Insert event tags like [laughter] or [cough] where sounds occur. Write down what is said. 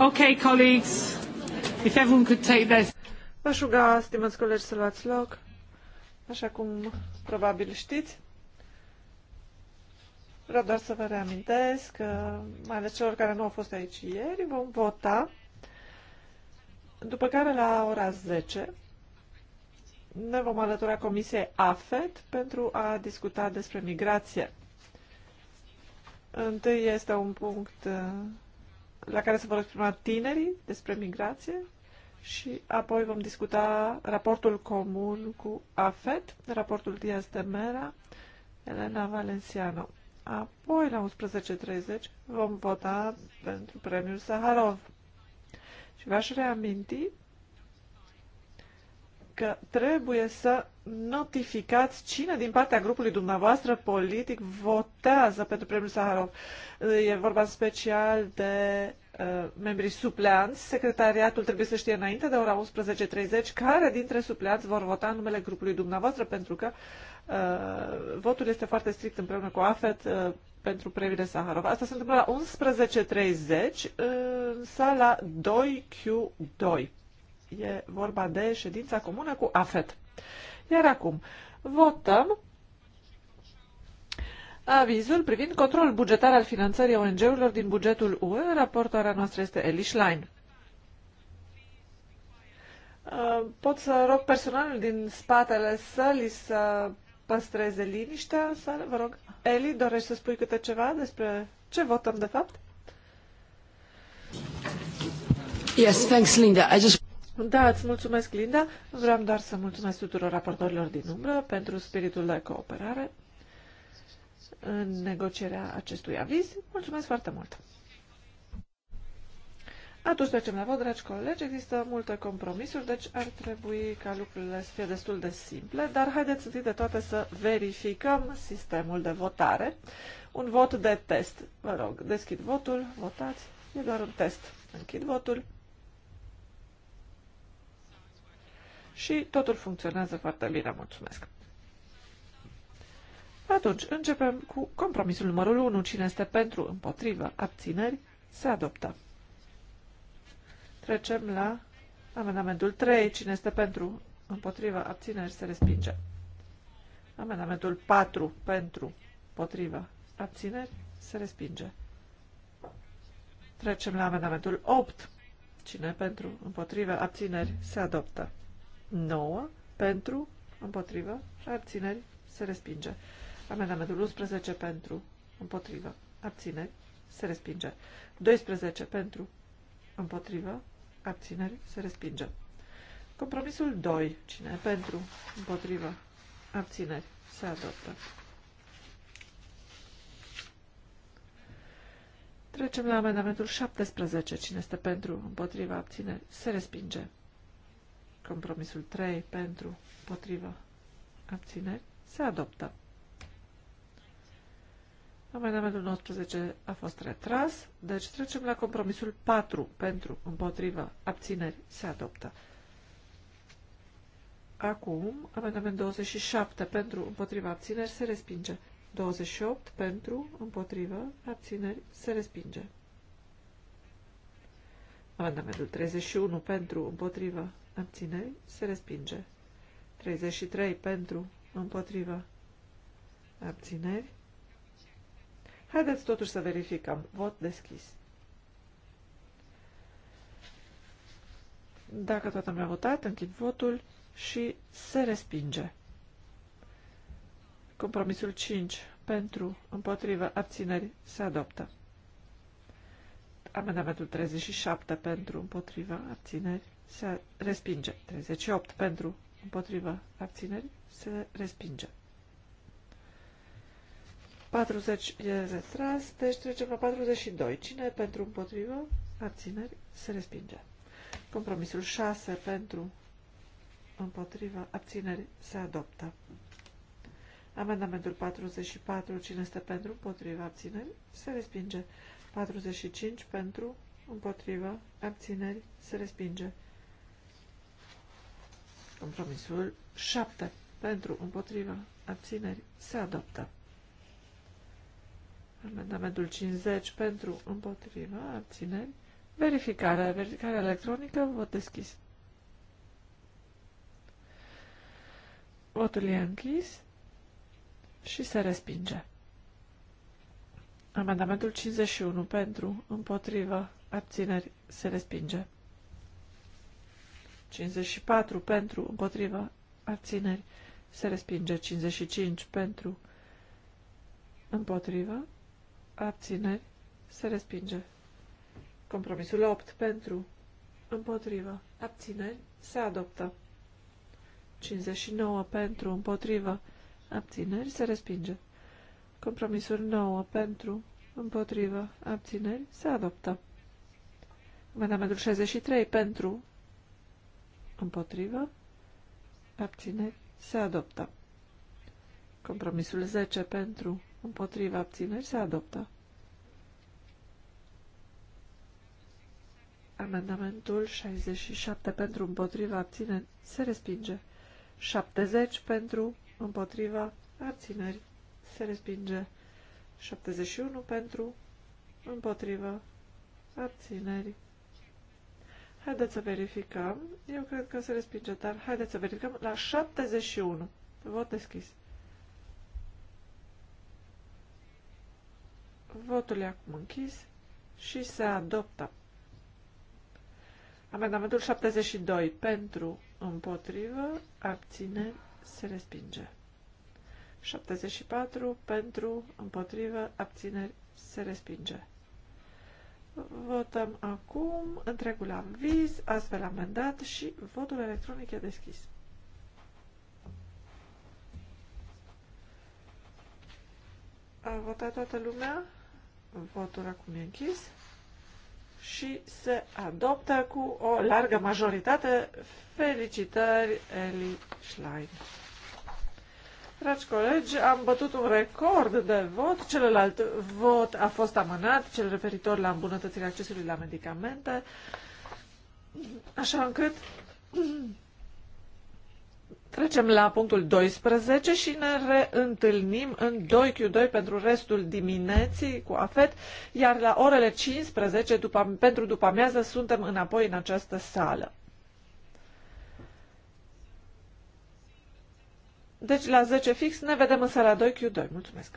Okay, colleagues, if everyone could take this. V-aș ruga, stimați colegi, să luați loc. Așa cum probabil știți, vreau doar să vă reamintesc că, mai ales celor care nu au fost aici ieri, vom vota, după care la ora 10 ne vom alătura Comisiei AFET pentru a discuta despre migrație. Întâi este un punct uh, la care se vor exprima tinerii despre migrație și apoi vom discuta raportul comun cu AFET, raportul Diaz de Mera, Elena Valenciano. Apoi, la 11.30, vom vota pentru premiul Saharov. Și v-aș reaminti că trebuie să notificați cine din partea grupului dumneavoastră politic votează pentru premiul Saharov. E vorba special de uh, membrii supleanți. Secretariatul trebuie să știe înainte de ora 11.30 care dintre supleanți vor vota în numele grupului dumneavoastră, pentru că uh, votul este foarte strict împreună cu AFET uh, pentru premiile Saharov. Asta se întâmplă la 11.30 în sala 2Q2. E vorba de ședința comună cu AFET. Iar acum votăm avizul privind controlul bugetar al finanțării ONG-urilor din bugetul UE. Raportoarea noastră este Eli Schlein. Uh, pot să rog personalul din spatele sălii să păstreze liniștea în sală? Vă rog. Eli, dorești să spui câte ceva despre ce votăm de fapt? Yes, thanks, Linda. I just... Da, îți mulțumesc, Linda. Vreau doar să mulțumesc tuturor raportorilor din umbră pentru spiritul de cooperare în negocierea acestui aviz. Mulțumesc foarte mult! Atunci trecem la vot, dragi colegi. Există multe compromisuri, deci ar trebui ca lucrurile să fie destul de simple, dar haideți întâi de toate să verificăm sistemul de votare. Un vot de test. Vă rog, deschid votul, votați. E doar un test. Închid votul. și totul funcționează foarte bine. Mulțumesc! Atunci, începem cu compromisul numărul 1. Cine este pentru, împotrivă, abțineri, se adoptă. Trecem la amendamentul 3. Cine este pentru, împotrivă, abțineri, se respinge. Amendamentul 4. Pentru, împotrivă, abțineri, se respinge. Trecem la amendamentul 8. Cine pentru, împotrivă, abțineri, se adoptă. 9 pentru, împotrivă, abțineri, se respinge. Amendamentul 11 pentru, împotrivă, abțineri, se respinge. 12 pentru, împotrivă, abțineri, se respinge. Compromisul 2, cine pentru, împotrivă, abțineri, se adoptă. Trecem la amendamentul 17. Cine este pentru, împotriva, abține, se respinge. Compromisul 3 pentru potrivă, abțineri se adoptă. Amendamentul 19 a fost retras, deci trecem la compromisul 4 pentru împotrivă abțineri se adoptă. Acum, amendament 27 pentru împotriva abțineri se respinge. 28 pentru împotriva abțineri se respinge. Amendamentul 31 pentru împotriva abțineri, se respinge. 33 pentru, împotrivă, abțineri. Haideți totuși să verificăm. Vot deschis. Dacă toată mi a votat, închid votul și se respinge. Compromisul 5 pentru, împotrivă, abțineri se adoptă. Amendamentul 37 pentru împotriva abțineri se respinge. 38 pentru împotriva abțineri se respinge. 40 e retras, deci trecem la 42. Cine pentru împotriva abțineri se respinge. Compromisul 6 pentru împotriva abțineri se adoptă. Amendamentul 44, cine este pentru, împotriva, abțineri, se respinge. 45 pentru, împotrivă, abțineri, se respinge. Compromisul 7 pentru, împotrivă, abțineri, se adoptă. Amendamentul 50 pentru, împotrivă, abțineri, verificare, verificare electronică, vot deschis. Votul e închis și se respinge. Amendamentul 51 pentru, împotrivă, abțineri, se respinge. 54 pentru, împotrivă, abțineri, se respinge. 55 pentru, împotrivă, abțineri, se respinge. Compromisul 8 pentru, împotrivă, abțineri, se adoptă. 59 pentru, împotrivă, abțineri, se respinge. Compromisul 9 pentru, împotrivă, abțineri, se adoptă. Amendamentul 63 pentru, împotrivă, abțineri, se adoptă. Compromisul 10 pentru, împotrivă, abțineri, se adoptă. Amendamentul 67 pentru, împotrivă, abțineri, se respinge. 70 pentru, împotriva, abțineri, se respinge 71 pentru, împotrivă, abțineri. Haideți să verificăm. Eu cred că se respinge, dar haideți să verificăm la 71. Vot deschis. Votul e acum închis și se adoptă. Amendamentul 72 pentru, împotrivă, abține, se respinge. 74 pentru, împotrivă, abțineri, se respinge. Votăm acum întregul aviz, astfel amendat și votul electronic e deschis. A votat toată lumea, votul acum e închis și se adoptă cu o largă majoritate. Felicitări, Eli Schlein! Dragi colegi, am bătut un record de vot. Celălalt vot a fost amânat, cel referitor la îmbunătățirea accesului la medicamente, așa încât [clears throat] trecem la punctul 12 și ne reîntâlnim în 2Q2 pentru restul dimineții cu AFET, iar la orele 15 după, pentru după amiază suntem înapoi în această sală. Deci la 10 fix ne vedem în sala 2Q2. Mulțumesc!